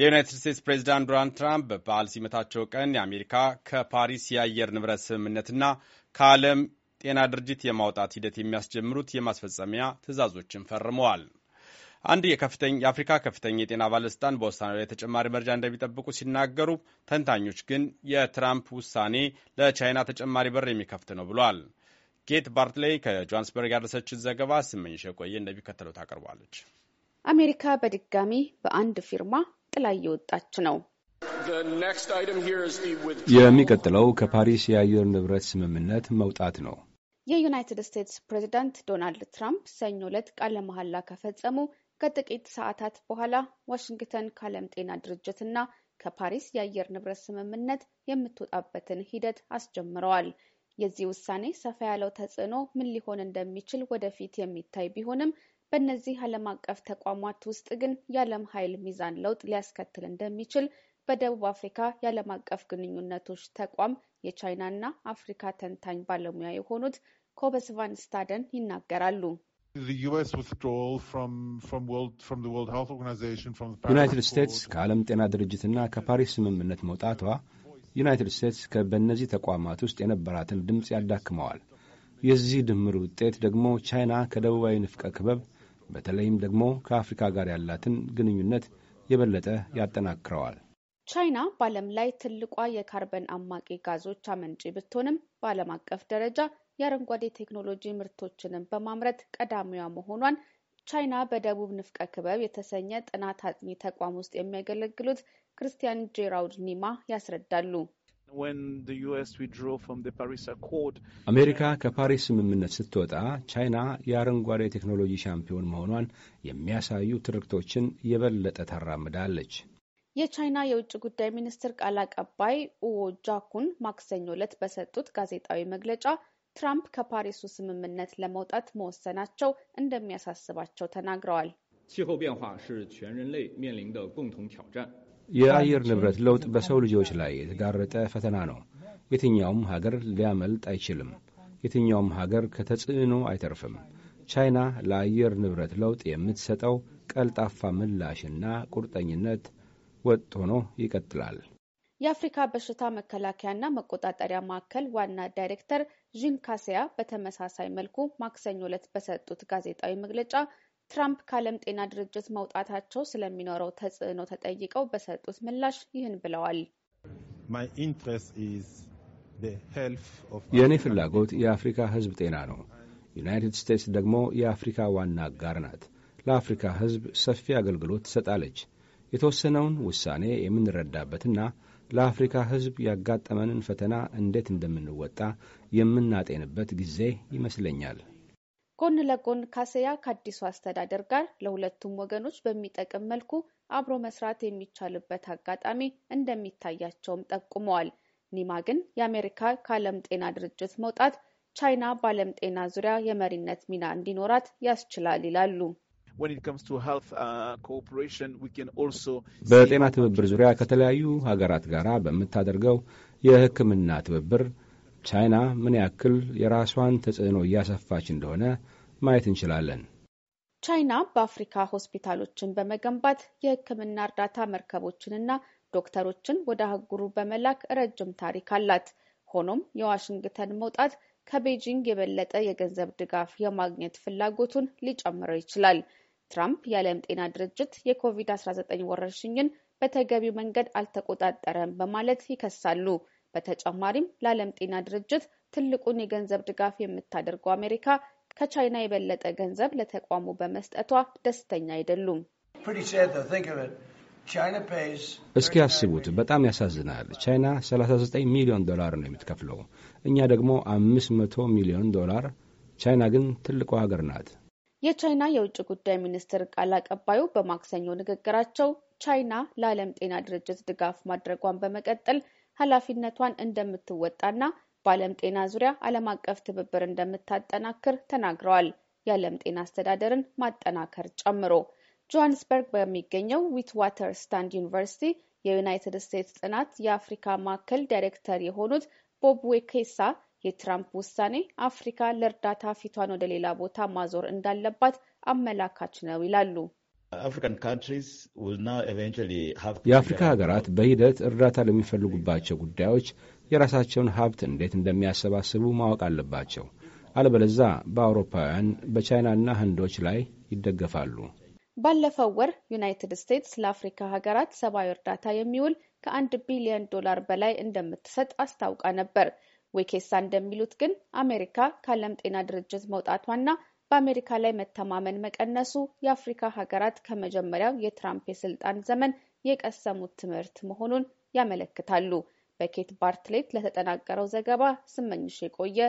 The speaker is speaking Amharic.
የዩናይትድ ስቴትስ ፕሬዚዳንት ዶናልድ ትራምፕ በበዓል ሲመታቸው ቀን የአሜሪካ ከፓሪስ የአየር ንብረት ስምምነትና ከዓለም ጤና ድርጅት የማውጣት ሂደት የሚያስጀምሩት የማስፈጸሚያ ትዕዛዞችን ፈርመዋል። አንድ የአፍሪካ ከፍተኛ የጤና ባለስልጣን በውሳኔው ላይ ተጨማሪ መረጃ እንደሚጠብቁ ሲናገሩ፣ ተንታኞች ግን የትራምፕ ውሳኔ ለቻይና ተጨማሪ በር የሚከፍት ነው ብሏል። ጌት ባርትሌይ ከጆሃንስበርግ ያደረሰችን ዘገባ ስመኝሽ የቆየ እንደሚከተለው ታቀርባለች። አሜሪካ በድጋሚ በአንድ ፊርማ ጥላ እየወጣች ነው። የሚቀጥለው ከፓሪስ የአየር ንብረት ስምምነት መውጣት ነው። የዩናይትድ ስቴትስ ፕሬዚዳንት ዶናልድ ትራምፕ ሰኞ ዕለት ቃለ መሐላ ከፈጸሙ ከጥቂት ሰዓታት በኋላ ዋሽንግተን ከዓለም ጤና ድርጅት እና ከፓሪስ የአየር ንብረት ስምምነት የምትወጣበትን ሂደት አስጀምረዋል። የዚህ ውሳኔ ሰፋ ያለው ተጽዕኖ ምን ሊሆን እንደሚችል ወደፊት የሚታይ ቢሆንም በእነዚህ ዓለም አቀፍ ተቋማት ውስጥ ግን የዓለም ኃይል ሚዛን ለውጥ ሊያስከትል እንደሚችል በደቡብ አፍሪካ የዓለም አቀፍ ግንኙነቶች ተቋም የቻይናና አፍሪካ ተንታኝ ባለሙያ የሆኑት ቫን ስታደን ይናገራሉ። ዩናይትድ ስቴትስ ከዓለም ጤና ድርጅትና ከፓሪስ ስምምነት መውጣቷ ዩናይትድ ስቴትስ በእነዚህ ተቋማት ውስጥ የነበራትን ድምፅ ያዳክመዋል። የዚህ ድምር ውጤት ደግሞ ቻይና ከደቡባዊ ንፍቀ ክበብ በተለይም ደግሞ ከአፍሪካ ጋር ያላትን ግንኙነት የበለጠ ያጠናክረዋል። ቻይና በዓለም ላይ ትልቋ የካርበን አማቂ ጋዞች አመንጪ ብትሆንም በዓለም አቀፍ ደረጃ የአረንጓዴ ቴክኖሎጂ ምርቶችንም በማምረት ቀዳሚዋ መሆኗን ቻይና በደቡብ ንፍቀ ክበብ የተሰኘ ጥናት አጥኚ ተቋም ውስጥ የሚያገለግሉት ክርስቲያን ጄራውድ ኒማ ያስረዳሉ። አሜሪካ ከፓሪስ ስምምነት ስትወጣ ቻይና የአረንጓዴ ቴክኖሎጂ ሻምፒዮን መሆኗን የሚያሳዩ ትርክቶችን የበለጠ ታራምዳለች። የቻይና የውጭ ጉዳይ ሚኒስትር ቃል አቀባይ ኡዎ ጃኩን ማክሰኞ ዕለት በሰጡት ጋዜጣዊ መግለጫ ትራምፕ ከፓሪሱ ስምምነት ለመውጣት መወሰናቸው እንደሚያሳስባቸው ተናግረዋል። የአየር ንብረት ለውጥ በሰው ልጆች ላይ የተጋረጠ ፈተና ነው። የትኛውም ሀገር ሊያመልጥ አይችልም። የትኛውም ሀገር ከተጽዕኖ አይተርፍም። ቻይና ለአየር ንብረት ለውጥ የምትሰጠው ቀልጣፋ ምላሽና ቁርጠኝነት ወጥ ሆኖ ይቀጥላል። የአፍሪካ በሽታ መከላከያና መቆጣጠሪያ ማዕከል ዋና ዳይሬክተር ዥን ካሴያ በተመሳሳይ መልኩ ማክሰኞ ዕለት በሰጡት ጋዜጣዊ መግለጫ ትራምፕ ከዓለም ጤና ድርጅት መውጣታቸው ስለሚኖረው ተጽዕኖ ተጠይቀው በሰጡት ምላሽ ይህን ብለዋል። የእኔ ፍላጎት የአፍሪካ ሕዝብ ጤና ነው። ዩናይትድ ስቴትስ ደግሞ የአፍሪካ ዋና አጋር ናት። ለአፍሪካ ሕዝብ ሰፊ አገልግሎት ትሰጣለች። የተወሰነውን ውሳኔ የምንረዳበትና ለአፍሪካ ሕዝብ ያጋጠመንን ፈተና እንዴት እንደምንወጣ የምናጤንበት ጊዜ ይመስለኛል። ጎን ለጎን ካሰያ ከአዲሱ አስተዳደር ጋር ለሁለቱም ወገኖች በሚጠቅም መልኩ አብሮ መስራት የሚቻልበት አጋጣሚ እንደሚታያቸውም ጠቁመዋል። ኒማ ግን የአሜሪካ ከዓለም ጤና ድርጅት መውጣት ቻይና በዓለም ጤና ዙሪያ የመሪነት ሚና እንዲኖራት ያስችላል ይላሉ። uh, በጤና ትብብር ዙሪያ ከተለያዩ ሀገራት ጋር በምታደርገው የሕክምና ትብብር ቻይና ምን ያክል የራሷን ተጽዕኖ እያሰፋች እንደሆነ ማየት እንችላለን። ቻይና በአፍሪካ ሆስፒታሎችን በመገንባት የሕክምና እርዳታ መርከቦችንና ዶክተሮችን ወደ አህጉሩ በመላክ ረጅም ታሪክ አላት። ሆኖም የዋሽንግተን መውጣት ከቤጂንግ የበለጠ የገንዘብ ድጋፍ የማግኘት ፍላጎቱን ሊጨምረው ይችላል። ትራምፕ የዓለም ጤና ድርጅት የኮቪድ-19 ወረርሽኝን በተገቢው መንገድ አልተቆጣጠረም በማለት ይከሳሉ። በተጨማሪም ለዓለም ጤና ድርጅት ትልቁን የገንዘብ ድጋፍ የምታደርገው አሜሪካ ከቻይና የበለጠ ገንዘብ ለተቋሙ በመስጠቷ ደስተኛ አይደሉም። እስኪ ያስቡት። በጣም ያሳዝናል። ቻይና 39 ሚሊዮን ዶላር ነው የምትከፍለው፣ እኛ ደግሞ 500 ሚሊዮን ዶላር። ቻይና ግን ትልቁ ሀገር ናት። የቻይና የውጭ ጉዳይ ሚኒስትር ቃል አቀባዩ በማክሰኞ ንግግራቸው ቻይና ለዓለም ጤና ድርጅት ድጋፍ ማድረጓን በመቀጠል ኃላፊነቷን እንደምትወጣና በዓለም ጤና ዙሪያ ዓለም አቀፍ ትብብር እንደምታጠናክር ተናግረዋል። የዓለም ጤና አስተዳደርን ማጠናከር ጨምሮ ጆሃንስበርግ በሚገኘው ዊት ዋተር ስታንድ ዩኒቨርሲቲ የዩናይትድ ስቴትስ ጥናት የአፍሪካ ማዕከል ዳይሬክተር የሆኑት ቦብ ዌኬሳ የትራምፕ ውሳኔ አፍሪካ ለእርዳታ ፊቷን ወደ ሌላ ቦታ ማዞር እንዳለባት አመላካች ነው ይላሉ። የአፍሪካ ሀገራት በሂደት እርዳታ ለሚፈልጉባቸው ጉዳዮች የራሳቸውን ሀብት እንዴት እንደሚያሰባስቡ ማወቅ አለባቸው። አለበለዛ በአውሮፓውያን በቻይናና ህንዶች ላይ ይደገፋሉ። ባለፈው ወር ዩናይትድ ስቴትስ ለአፍሪካ ሀገራት ሰብአዊ እርዳታ የሚውል ከአንድ ቢሊዮን ዶላር በላይ እንደምትሰጥ አስታውቃ ነበር። ወይኬሳ እንደሚሉት ግን አሜሪካ ከዓለም ጤና ድርጅት መውጣቷና በአሜሪካ ላይ መተማመን መቀነሱ የአፍሪካ ሀገራት ከመጀመሪያው የትራምፕ የስልጣን ዘመን የቀሰሙት ትምህርት መሆኑን ያመለክታሉ። በኬት ባርትሌት ለተጠናቀረው ዘገባ ስመኝሽ የቆየ